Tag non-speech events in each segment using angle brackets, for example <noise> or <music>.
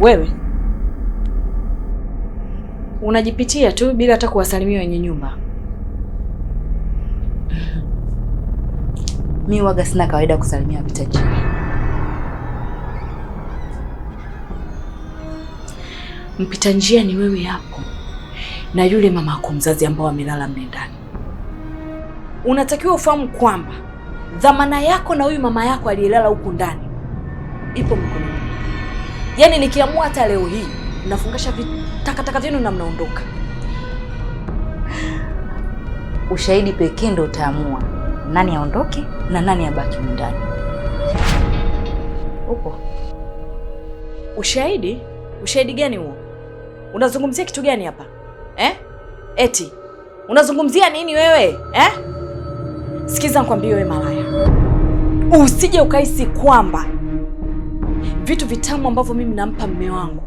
Wewe unajipitia tu bila hata kuwasalimia wenye nyumba. Mi waga sina kawaida kusalimia vita chini. Mpita njia ni wewe hapo na yule mama yako mzazi ambao amelala mle ndani. Unatakiwa ufahamu kwamba dhamana yako na huyu mama yako aliyelala huku ndani ipo mkononi Yaani nikiamua hata leo hii mnafungasha vitakataka vyenu na mnaondoka. Ushahidi pekee ndio utaamua nani aondoke na nani abaki ndani. Upo ushahidi? Ushahidi gani huo? Unazungumzia kitu gani hapa eh? Eti unazungumzia nini wewe eh? Sikiza nikwambie wewe malaya, usije ukahisi kwamba vitu vitamu ambavyo mimi nampa mme wangu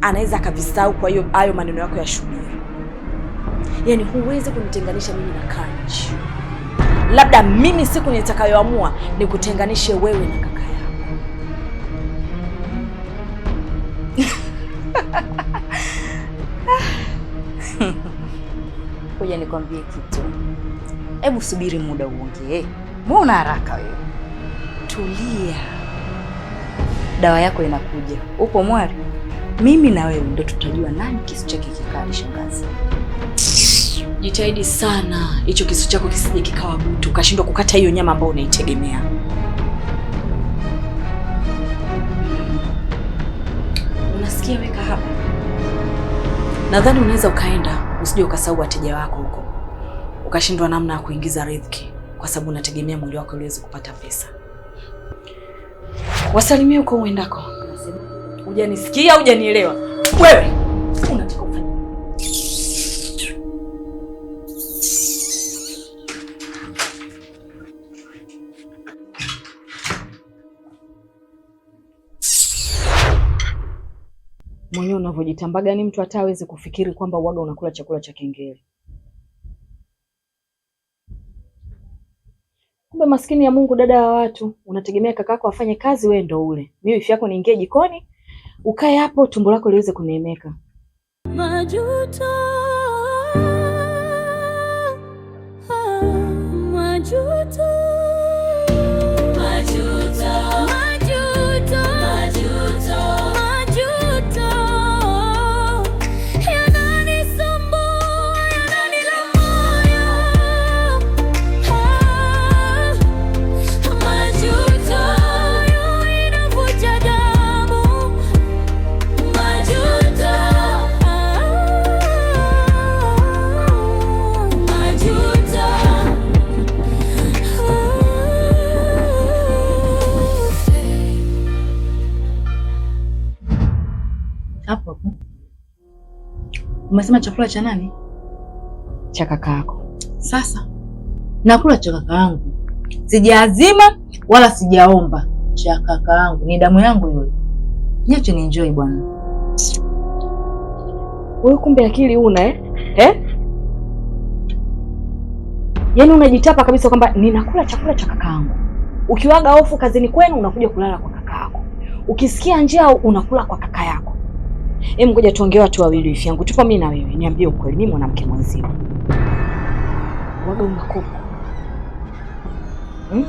anaweza akavisahau. Kwa hiyo hayo maneno yako ya shubiri, yaani huwezi kunitenganisha mimi na Kanji. Labda mimi siku nitakayoamua ni kutenganishe wewe na kaka yako. Kuja <laughs> nikwambie kitu, hebu subiri muda uongee, mbona haraka wewe? Tulia dawa yako inakuja. Upo mwari, mimi na wewe ndo tutajua nani kisu chake kikali. Shangazi, jitahidi sana hicho kisu chako kisije kikawa butu, ukashindwa kukata hiyo nyama ambayo unaitegemea. Unasikia, weka hapa. Nadhani unaweza ukaenda, usije ukasahau wateja wako huko, ukashindwa namna ya kuingiza riziki, kwa sababu unategemea mwili wako uweze kupata pesa. Wasalimie huko uendako. Hujanisikia, hujanielewa wewe. mwenyewe unavyojitambaga, ni mtu hata hawezi kufikiri kwamba uwaga unakula chakula cha kengele. Kumbe maskini ya Mungu, dada wa watu, unategemea kakako afanye kazi, wewe ndo ule. Mimi ifi yako niingie jikoni ukae hapo, tumbo lako liweze kuneemeka. Majuto Umesema chakula cha nani? Cha kaka yako Sasa nakula cha kaka yangu, sijaazima wala sijaomba. Cha kakaangu ni damu yangu yule. Niache ni enjoy bwana. Wewe kumbe akili una eh? Eh? Yaani unajitapa kabisa kwamba ninakula chakula cha kakaangu. Ukiwaga hofu kazini kwenu unakuja kulala kwa kakaako. Ukisikia njaa unakula kwa kaka yako. Hebu ngoja tuongee watu wawili, hivi yangu, tupo mimi na wewe, niambie ukweli, mimi mwanamke mwenzio waga unakopa hmm?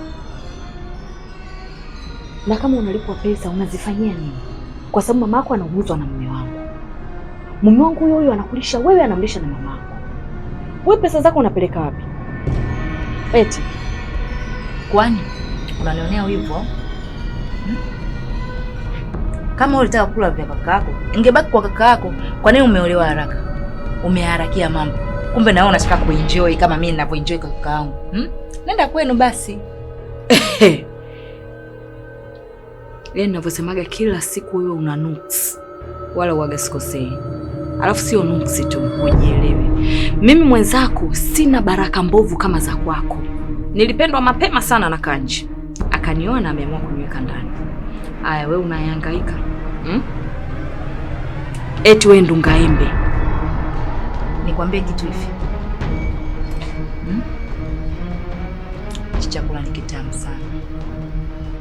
na kama unalipwa pesa unazifanyia nini? Kwa sababu mama yako anaumizwa na mume wangu, mume wangu huyo huyo anakulisha wewe, anamlisha na mama yako. Wewe pesa zako unapeleka wapi? Eti kwani unanionea hivyo hmm? Kama ulitaka kula vya kaka yako, ingebaki kwa kaka yako. Kwa nini umeolewa haraka? Umeharakia mambo, kumbe nawe unataka kuenjoy kama mimi ninavyoenjoy kwa kaka yangu hmm? Nenda kwenu basi. <laughs> Yaani ninavyosemaga kila siku, wewe una nuts. wala uaga sikosei. Alafu sio nuksi tu, ujielewe. Mimi mwenzako sina baraka mbovu kama za kwako. Nilipendwa mapema sana na Kanji, akaniona ameamua kuniweka ndani. Aya, we unayangaika hmm? Eti we ndungaembe, nikwambie kitu hivi hmm? Chakula ni kitamu sana.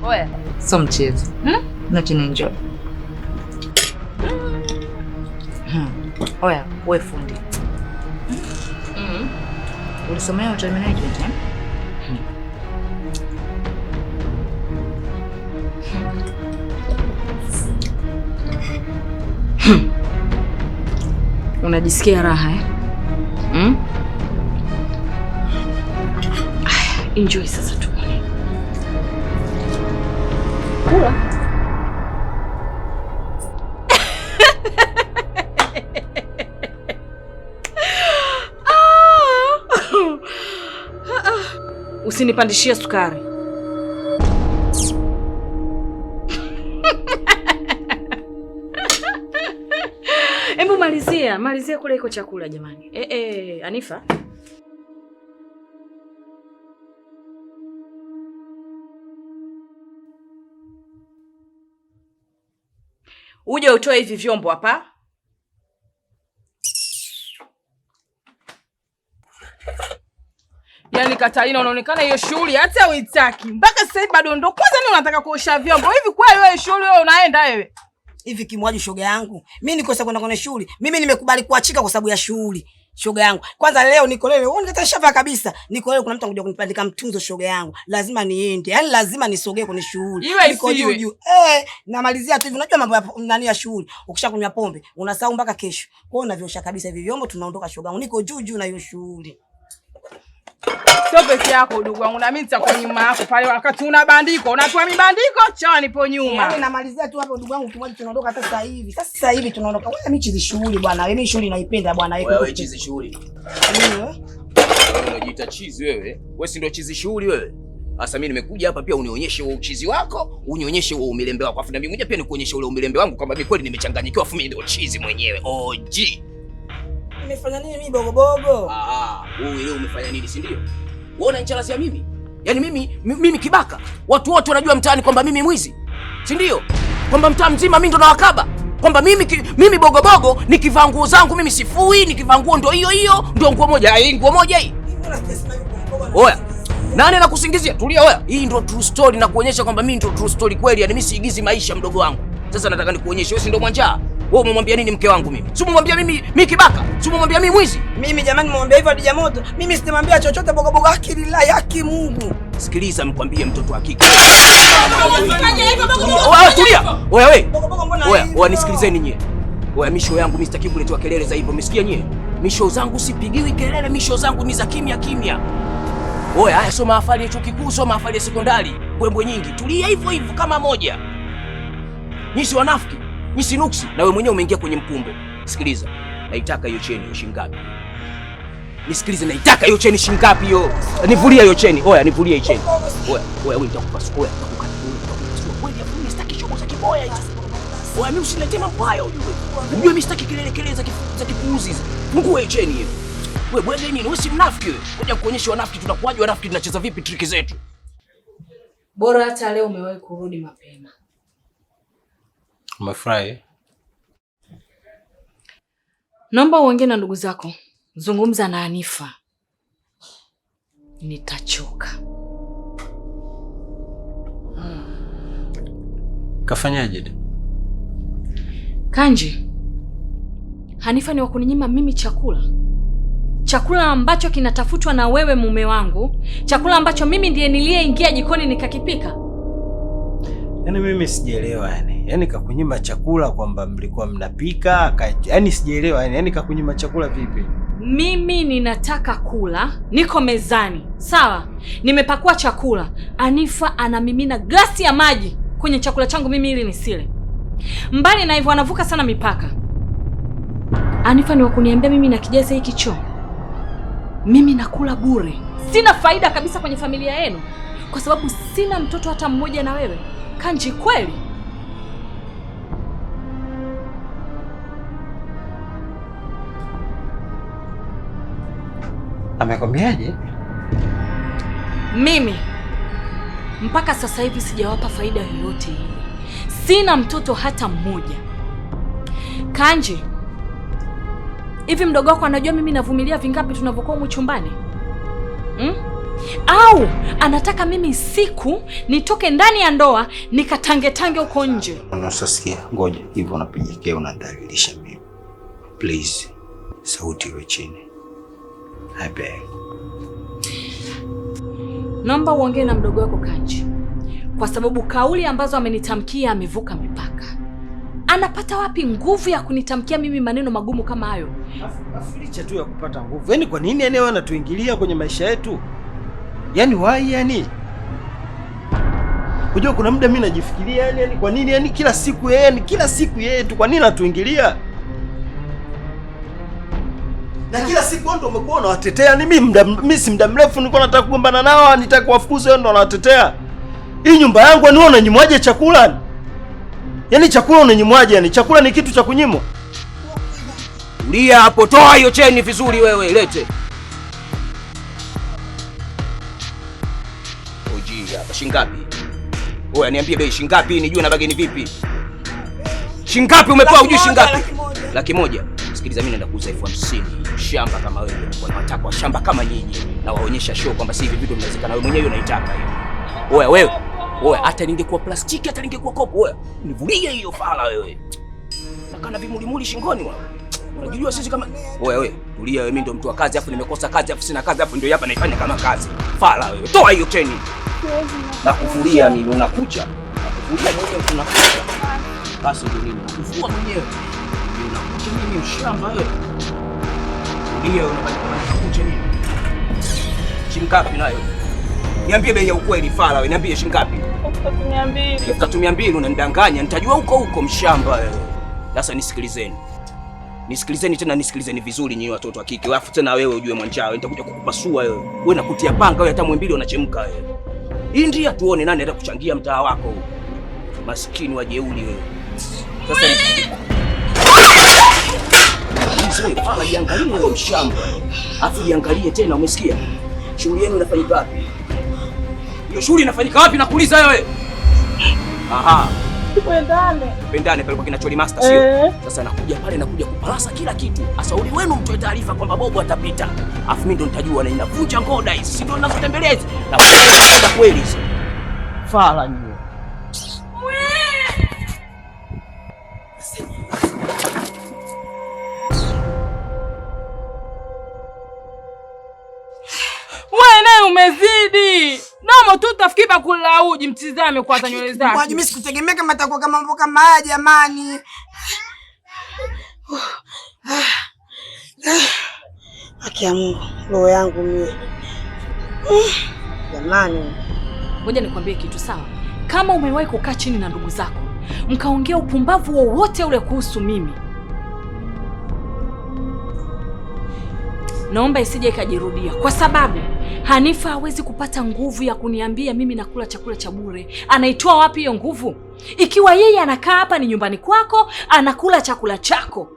Oya, so mchezo hmm? Nachinenjoy hmm. Oya, we fundi hmm? Ulisomea hotel management eh? <clears throat> Unajisikia raha eh? Mm? Enjoy sasa tu. Kula. <laughs> Ah! <laughs> Ah, ah. Usinipandishie sukari. Tumalizie kule iko chakula jamani. E, e, Anifa. Uje utoe hivi vyombo hapa. Yaani Katarina, unaonekana hiyo shughuli hata uitaki. Mpaka sasa bado ndo kwanza ni unataka kuosha vyombo. Hivi kweli wewe shughuli wewe unaenda wewe? hivi kimwaji, shoga yangu, mimi nikosa kwenda kwenye shughuli. Mimi nimekubali kuachika kwa sababu ya shughuli shoga yangu. Kwanza leo niko leo, wewe unikata shava kabisa. Niko leo kuna mtu anakuja kunipandika mtunzo shoga yangu. Lazima niende. yani lazima nisogee kwenye shughuli. Niko juu juu. Eh, namalizia tu hivi. Unajua mambo ya nani ya shughuli. Ukishakunywa pombe, unasahau mpaka kesho. Kwa hiyo unaviosha kabisa hivi vyombo tunaondoka shoga yangu. Niko juu juu na hiyo shughuli. Sio peke yako udugu wangu, na mimi nitakuwa nyuma yako pale wakati una bandiko, unatoa mibandiko chao, nipo nyuma. Yaani namalizia tu hapo udugu wangu, kimwaji tunaondoka sasa hivi. Sasa sasa hivi tunaondoka. Wewe mimi chizi shughuli bwana. Mimi shughuli naipenda bwana. Wewe chizi shughuli. Wewe unajiita chizi wewe. Wewe si ndio chizi shughuli wewe. Sasa mimi nimekuja hapa pia unionyeshe wewe uchizi wako, unionyeshe wewe umilembe wako. Afu na mimi pia nikuonyeshe ule umilembe wangu kwamba mimi kweli nimechanganyikiwa, afu mimi ndio chizi mwenyewe. OG. Nimefanya nini mimi bogo bogo? Ah, ah, wewe leo umefanya nini si ndio? Unaona nchalasi ya mimi? Yaani mimi mimi kibaka. Watu wote wanajua mtaani kwamba mimi mwizi. Si ndio? Kwamba mtaa mzima mimi ndo nawakaba. Kwamba mimi ki, mimi bogo bogo nikivaa nguo zangu mimi sifui, nikivaa nguo ndo hiyo hiyo, ndo nguo moja. Hii nguo moja hii. Oya. Nani anakusingizia? Tulia oya. Hii ndo true story na kuonyesha kwamba mimi ndo true story kweli. Yaani mimi siigizi maisha mdogo wangu. Sasa nataka nikuonyeshe wewe si ndo mwanjaa. Wewe umemwambia nini mke wangu mimi? Si umemwambia mimi mimi kibaka? Si umemwambia mimi mwizi? Mimi jamani nimemwambia hivyo Adija Moto. Mimi sitamwambia chochote boga boga akili la yake Mungu. Sikiliza mkwambie mtoto wa kike. Wewe tulia. Wewe wewe. Wewe wewe nisikilizeni ninyi. Wewe misho yangu mimi sitaki kuletewa kelele za hivyo. Umesikia nyie? Misho zangu sipigiwi kelele, misho zangu ni za kimya kimya. Oya, haya soma afali ya chuo kikuu, soma afali ya sekondari, kwembwe nyingi. Tulia hivyo hivyo kama moja. Nisi wanafiki nuksi, na wewe mwenyewe umeingia kwenye mpumbe. Sikiliza, naitaka hiyo cheni shingapi? Nisikilize, naitaka hiyo cheni shingapi? Hiyo nivulia hiyo cheni. Oya, nivulia hiyo cheni. Oya, oya, wewe nitakupasa. Oya, nitakukata. Oya, mimi usinilete mambo haya ujue. Ujue mimi sitaki kelele kelele za kipuuzi hizo. Fungua hiyo cheni hiyo. Wewe bwege nini? Wewe si mnafiki wewe. Ngoja kuonyesha wanafiki tunakuwaje, wanafiki tunacheza vipi triki zetu. Bora hata leo umewahi kurudi mapema. Umefurahi? Naomba uongee na ndugu zako, zungumza na anifa Nitachoka. Hmm. Kafanyaje? Kanji, Hanifa ni wakuninyima mimi chakula, chakula ambacho kinatafutwa na wewe mume wangu, chakula ambacho mimi ndiye niliyeingia jikoni nikakipika Yaani mimi sijaelewa yani. Yaani, yaani kakunyima chakula kwamba mlikuwa mnapika, yaani sijaelewa yani. Yaani, yaani kakunyima chakula vipi? Mimi ninataka kula, niko mezani. Sawa? Nimepakua chakula. Anifa anamimina glasi ya maji kwenye chakula changu mimi ili nisile. Mbali na hivyo anavuka sana mipaka. Anifa ni wakuniambia mimi nakijaza hiki choo. Mimi nakula bure. Sina faida kabisa kwenye familia yenu kwa sababu sina mtoto hata mmoja na wewe. Kanji kweli? Amekwambiaje? Mimi mpaka sasa hivi sijawapa faida yoyote ile. Sina mtoto hata mmoja. Kanji, hivi mdogo wako anajua mimi navumilia vingapi tunavyokuwa humu chumbani? au anataka mimi siku nitoke ndani ya ndoa nikatangetange huko nje. Unasikia? Ngoja hivyo unapijekea, unadhalilisha mimi. Please, sauti iwe chini. I beg. Naomba uongee na mdogo wako Kanji, kwa sababu kauli ambazo amenitamkia amevuka mipaka. Anapata wapi nguvu ya kunitamkia mimi maneno magumu kama hayo? Afu tu ya kupata nguvu, yaani kwa nini eneo anatuingilia kwenye maisha yetu? yani why yani. Unajua kuna muda mimi najifikiria yani, yani kwa nini yani kila siku yeye eh, yani, kila siku yeye eh, tu kwa nini anatuingilia? Na kila siku ndio umekuwa unawatetea ni yaani mimi muda mimi si muda mrefu nilikuwa nataka kugombana nao, nitaka kuwafukuza wao ndio unawatetea. Hii nyumba yangu ni yaani wewe unanyimwaje chakula? Yaani chakula unanyimwaje yani? Chakula ni kitu cha kunyimwa. Ulia hapo, toa hiyo cheni vizuri wewe, lete. Shingapi? Oya, niambie bei shingapi nijue na bageni vipi? Shingapi umepewa hujui shingapi? Laki moja. Sikiliza mimi naenda kuuza elfu hamsini. Shamba kama wewe kwa matakwa shamba kama nyinyi na waonyesha show kwamba si hivi vitu vinawezekana wewe mwenyewe unaitaka hiyo. Oya wewe. Oya hata ningekuwa plastiki hata ningekuwa kopo wewe. Nivulie hiyo fala wewe. Nakana vimulimuli shingoni wewe. Unajua sisi kama wewe wewe, tulia wewe, mimi ndio mtu wa kazi afu nimekosa kazi afu sina kazi afu ndio hapa naifanya kama kazi. Fala wewe. Toa hiyo cheni na kufuria nini, unakucha na nakufulia mwenyewe, tunakucha basi, ndio nini, nakufua mwenyewe, unakucha mimi mshamba wewe, ndio unakucha nini? Shingapi nayo niambie bei ya ukweli, fala wewe, niambie shingapi? elfu mia mbili. Unanidanganya, nitajua huko huko, mshamba wewe. Sasa nisikilizeni, nisikilizeni tena, nisikilizeni vizuri nyinyi watoto wa kike, alafu tena wewe ujue mwanjao, nitakuja kukupasua wewe, wewe nakutia panga wewe, hata mwimbili unachemka wewe India, tuone nani kuchangia mtaa wako. Maskini wa jeuli wewe. Sasa Mzee, jiangalie mshamba. Afu jiangalie tena, umesikia? Shughuli yenu inafanyika wapi? Hiyo shughuli inafanyika wapi nakuuliza wewe? Aha. Pendane. Pendane pale Master sio? Eh. Sasa nakuja pale nakuja kupalasa kila kitu. uli wenu mtoe taarifa kwamba Bobo atapita. afu mimi ndo nitajua na inavunja ngoda hizi. Si ndo ninazotembelea Na kwenda kweli hizi. Fala nyo. Wewe naye umezidi. Nomo tu tafikiri bakula uji mtizame kwanza nywele zake. Mimi sikutegemea kama atakuwa kama mambo kama haya jamani. Haki ya Mungu, roho yangu mimi. Jamani. Ngoja nikwambie kitu sawa. Kama umewahi kukaa chini na ndugu zako, mkaongea upumbavu wowote ule kuhusu mimi. Naomba isije ikajirudia kwa sababu Hanifa hawezi kupata nguvu ya kuniambia mimi nakula chakula cha bure. Anaitoa wapi hiyo nguvu? Ikiwa yeye anakaa hapa, ni nyumbani kwako, anakula chakula chako.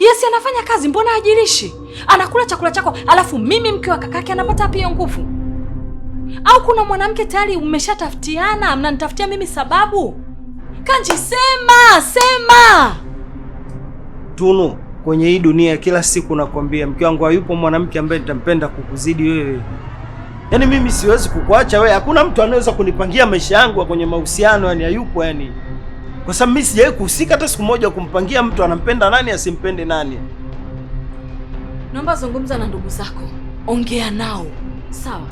Yesi anafanya kazi, mbona ajirishi? Anakula chakula chako, alafu mimi mke wa kakake anapata wapi hiyo nguvu? Au kuna mwanamke tayari mmeshatafutiana, mnanitafutia mimi sababu? Kanji, sema sema. Tunu, kwenye hii dunia kila siku nakwambia, mke wangu, hayupo mwanamke ambaye nitampenda kukuzidi wewe. Yaani mimi siwezi kukuacha wewe, hakuna mtu anaweza kunipangia maisha yangu kwenye mahusiano, yani hayupo yani, kwa sababu mimi sijawahi kuhusika hata siku moja kumpangia mtu anampenda nani asimpende nani. Naomba zungumza na ndugu zako, ongea nao sawa.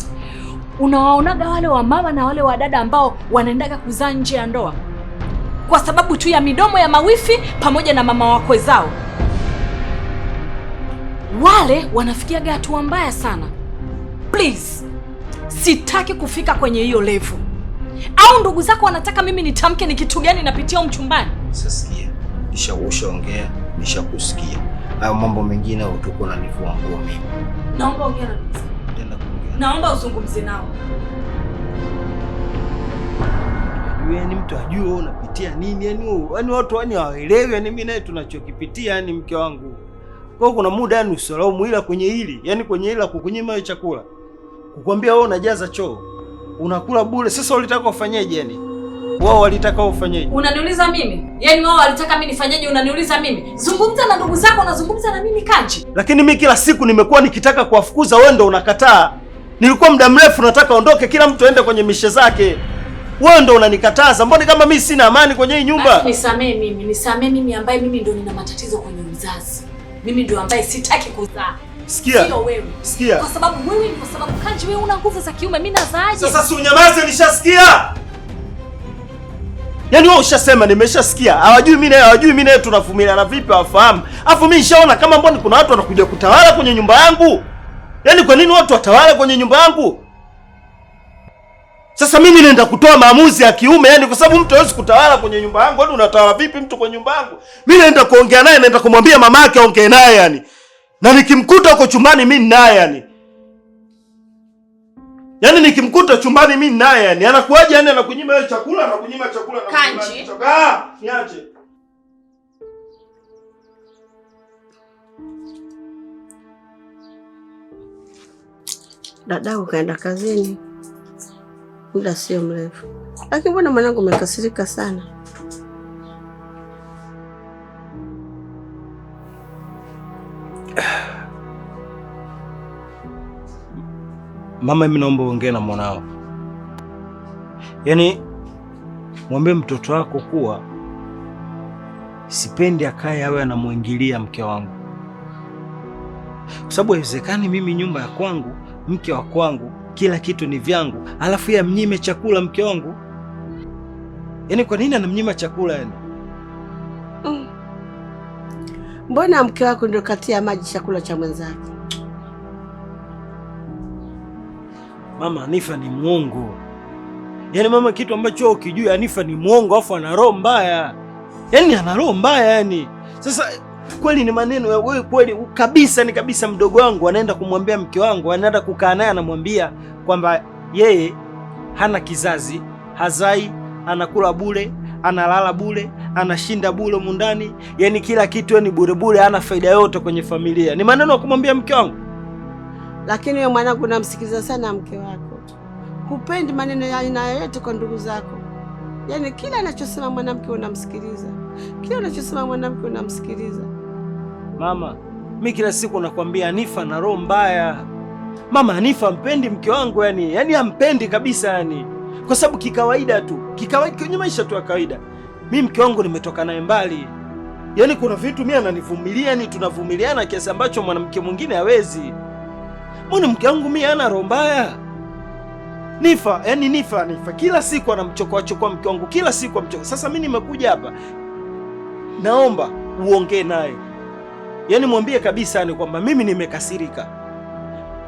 Unawaonaga wale wa mama na wale wa dada ambao wanaendaga kuzaa nje ya ndoa kwa sababu tu ya midomo ya mawifi pamoja na mama wakwe zao wale wanafikiaga hatua mbaya sana. Please, sitaki kufika kwenye hiyo level. Au ndugu zako wanataka mimi nitamke ni kitu gani napitia mchumbani? Sasikia, nishaushaongea, nishakusikia. Hayo mambo mengine utakuwa unanivua nguo mimi. Naomba ongea na Naomba uzungumze nao. Yaani mtu ajue unapitia nini, yaani, yaani watu wani hawaelewi, yaani mimi naye tunachokipitia, yaani mke wangu kwa kuna muda yani usilaumu, ila kwenye hili yani kwenye hili la kukunyima wewe chakula, kukwambia wewe unajaza choo, unakula bure. Sasa ulitaka ufanyeje? Yani wao walitaka ufanyeje? Unaniuliza mimi? Yani wao walitaka mimi nifanyeje? Unaniuliza mimi? Zungumza na ndugu zako, unazungumza na mimi Kanchi. Lakini mimi kila siku nimekuwa nikitaka kuwafukuza, wewe ndo unakataa. Nilikuwa muda mrefu nataka ondoke, kila mtu aende kwenye mishe zake. Wewe ndo unanikataza. Mbona kama mimi sina amani kwenye hii nyumba? Nisamee mimi, nisamee mimi ambaye mimi ndo nina matatizo kwenye uzazi. Mimi ndio ambaye sitaki kuzaa. Sikia. Sio wewe. Sikia. Kwa sababu wewe ni kwa sababu Kanji wewe una nguvu za kiume, mimi nazaaje? Sasa si unyamaze, nishasikia. Yaani wewe ushasema nimeshasikia. Hawajui mimi na hawajui mimi na naye tunavumiliana vipi wafahamu. Alafu mimi nishaona kama mbona kuna watu wanakuja kutawala kwenye nyumba yangu. Yaani kwa nini watu watawala kwenye nyumba yangu? Sasa mimi naenda kutoa maamuzi ya kiume yani, kwa sababu mtu hawezi kutawala kwenye nyumba yangu. Wewe unatawala vipi mtu kwenye nyumba yangu? Mimi naenda kuongea naye, naenda kumwambia mama yake aongee naye yani, na nikimkuta huko chumbani mimi naye yani, Yaani nikimkuta chumbani mimi naye yani, anakuaje yani, anakunyima wewe chakula, anakunyima chakula na kanji. Choka, ah, niache dadao kaenda kazini muda sio mrefu. Lakini mbona mwanangu umekasirika sana? Mama, mimi naomba uongee na mwanao, yaani mwambie mtoto wako kuwa sipendi akaye awe anamwingilia mke wangu, kwa sababu haiwezekani mimi nyumba ya kwangu, mke wa kwangu kila kitu ni vyangu, alafu yeye amnyime chakula mke wangu? Yaani kwa nini anamnyima chakula yani? Mm. Mbona mke wako ndio katia maji chakula cha mwenzake? Mama Anifa ni mwongo. Yaani mama, kitu ambacho ukijua Anifa ni mwongo alafu ana roho mbaya. Yaani ana roho mbaya yani. Sasa kweli ni maneno ya wewe kweli kabisa, ni kabisa mdogo wangu anaenda kumwambia mke wangu, anaenda kukaa naye anamwambia kwamba yeye hana kizazi, hazai, anakula bure, analala bure, anashinda bure mundani, yani kila kitu ni yaani bure bure, hana faida yote kwenye familia. Ni maneno ya kumwambia mke wangu, lakini wewe mwanangu, namsikiliza sana mke wako, hupendi maneno ya aina yoyote kwa ndugu zako. Yani kila anachosema mwanamke unamsikiliza, kila anachosema mwanamke unamsikiliza. Mama, mi kila siku nakwambia Hanifa na roho mbaya Mama Hanifa ampendi mke wangu yani, yani ampendi kabisa yani, kwa sababu kikawaida tu, kikawaida kwenye maisha tu ya kawaida. Mimi mke wangu nimetoka naye mbali, Yaani kuna vitu mimi ananivumilia, yani tunavumiliana kiasi ambacho mwanamke mwingine hawezi. Mbona mke wangu mimi ana roho mbaya? Nifa, yani Nifa, Nifa kila siku anamchokoa chokoa mke wangu, kila siku amchokoa. Sasa mimi nimekuja hapa, naomba uongee naye, Yaani mwambie kabisa yani kwamba mimi nimekasirika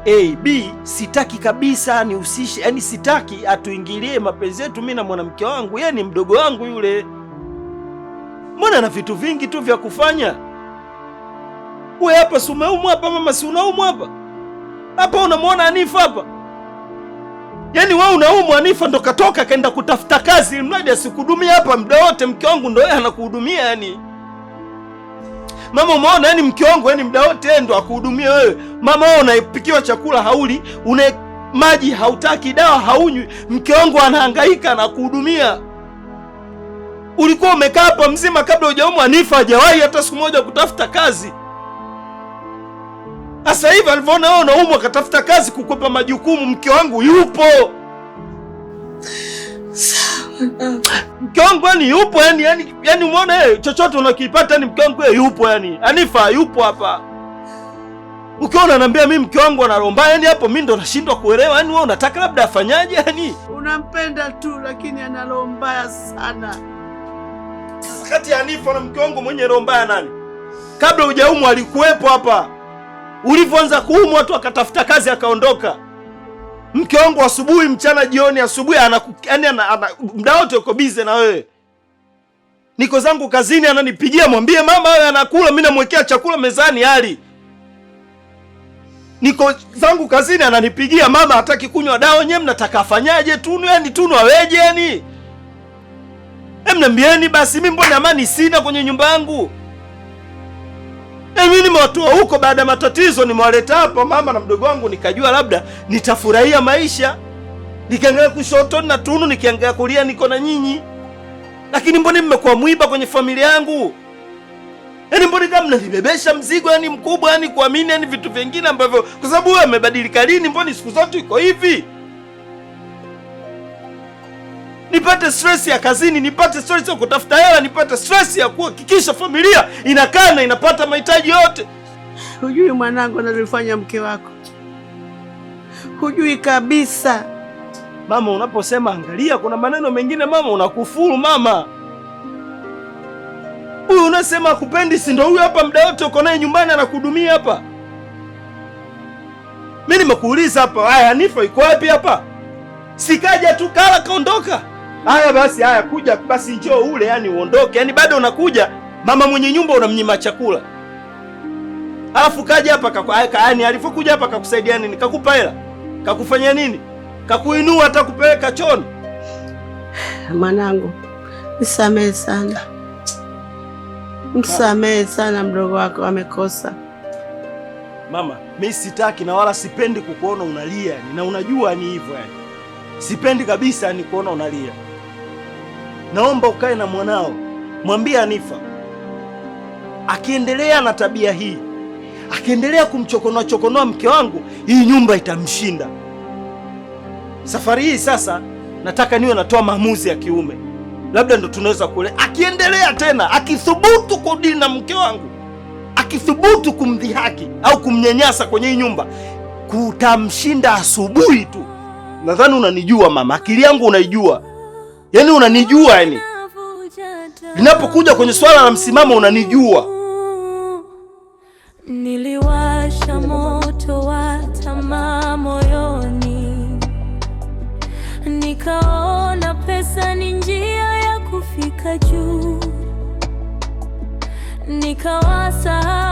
A, B, sitaki kabisa nihusishe, yani sitaki atuingilie mapenzi yetu mimi na mwanamke wangu. Yeye ni mdogo wangu yule, mbona na vitu vingi tu vya kufanya. We hapa si umeumwa hapa, mama si unaumwa hapa hapa, unamwona Anifa hapa. Yaani wewe unaumwa, Anifa ndo katoka kaenda kutafuta kazi, mradi asikuhudumia hapa muda wote. Mke wangu ndo yeye anakuhudumia yani Mama umeona, yani mke wangu, yani muda wote ndo akuhudumia wewe. Mama wewe unapikiwa chakula hauli, una maji hautaki, dawa haunywi, mke wangu anahangaika na kuhudumia. Ulikuwa umekaa hapa mzima kabla hujaumwa. Nifa hajawahi hata siku moja kutafuta kazi. Sasa hivi alivyoona wewe unaumwa, akatafuta kazi kukwepa majukumu. Mke wangu yupo sawa Mke wangu yani yupo yani yani yani umeona yeye eh, chochote unakipata yani mke wangu yupo yani. Anifa yupo hapa. Ukiona ananiambia mimi mke wangu anaromba yani hapo mimi ndo nashindwa kuelewa yani wewe unataka labda afanyaje yani? Unampenda tu lakini ana roho mbaya sana. Kati ya Anifa na mke wangu mwenye roho mbaya nani? Kabla hujaumwa alikuwepo hapa. Ulivyoanza kuumwa tu akatafuta kazi akaondoka mke wangu asubuhi, mchana, jioni, asubuhi yaani muda wote uko bize na wewe. Niko zangu kazini, ananipigia mwambie mama wewe anakula, mimi namwekea chakula mezani hali. Niko zangu kazini, ananipigia mama hataki kunywa dawa, nyewe mnataka afanyaje? Tunu yani tunu aweje yani? Hem, niambieni basi, mimi mbona amani sina kwenye nyumba yangu? nimewatoa huko baada ya matatizo, nimewaleta hapa mama na mdogo wangu, nikajua labda nitafurahia maisha. Nikiangalia kushoto na tunu, nikiangalia kulia niko na nyinyi, lakini mbona mmekuwa mwiba kwenye familia yangu? Yaani mbona kama mnanibebesha mzigo yani mkubwa, yani kuamini yani vitu vingine ambavyo, kwa sababu wewe amebadilika lini? Mbona siku zote iko hivi? nipate stress ya kazini, nipate stress ya kutafuta hela, nipate stress ya kuhakikisha familia inakaa na inapata mahitaji yote. Hujui mwanangu analifanya mke wako, hujui kabisa. Mama, unaposema angalia, kuna maneno mengine mama unakufuru mama. Huyu unasema akupendi, si ndio huyu hapa, muda wote uko naye nyumbani, anakuhudumia hapa. Mimi nimekuuliza hapa, haya Hanifa iko wapi hapa? Sikaja tu kala kaondoka. Haya basi, haya kuja basi, njoo ule, yani uondoke. Yani bado unakuja, mama mwenye nyumba unamnyima chakula, alafu kaja hapa kaka, yani alivyokuja hapa kakusaidia nini? Kakupa hela? Kakufanya nini? Kakuinua hata kupeleka choni? Mwanangu, msamehe sana, msamehe sana, mdogo wako amekosa. Mama, mimi sitaki na wala sipendi kukuona unalia, na unajua ni hivyo yani. Sipendi kabisa ni kuona unalia. Naomba ukae na mwanao, mwambie Hanifa akiendelea na tabia hii, akiendelea kumchokonoa chokonoa mke wangu, hii nyumba itamshinda. Safari hii sasa nataka niwe natoa maamuzi ya kiume, labda ndo tunaweza kule. Akiendelea tena, akithubutu kudili na mke wangu, akithubutu kumdhihaki au kumnyanyasa kwenye hii nyumba, kutamshinda asubuhi tu. Nadhani unanijua mama, akili yangu unaijua yani unanijua yani, linapokuja kwenye swala la msimamo unanijua. Niliwasha moto wa tamaa moyoni, nikaona pesa ni njia ya kufika juu, nikawasa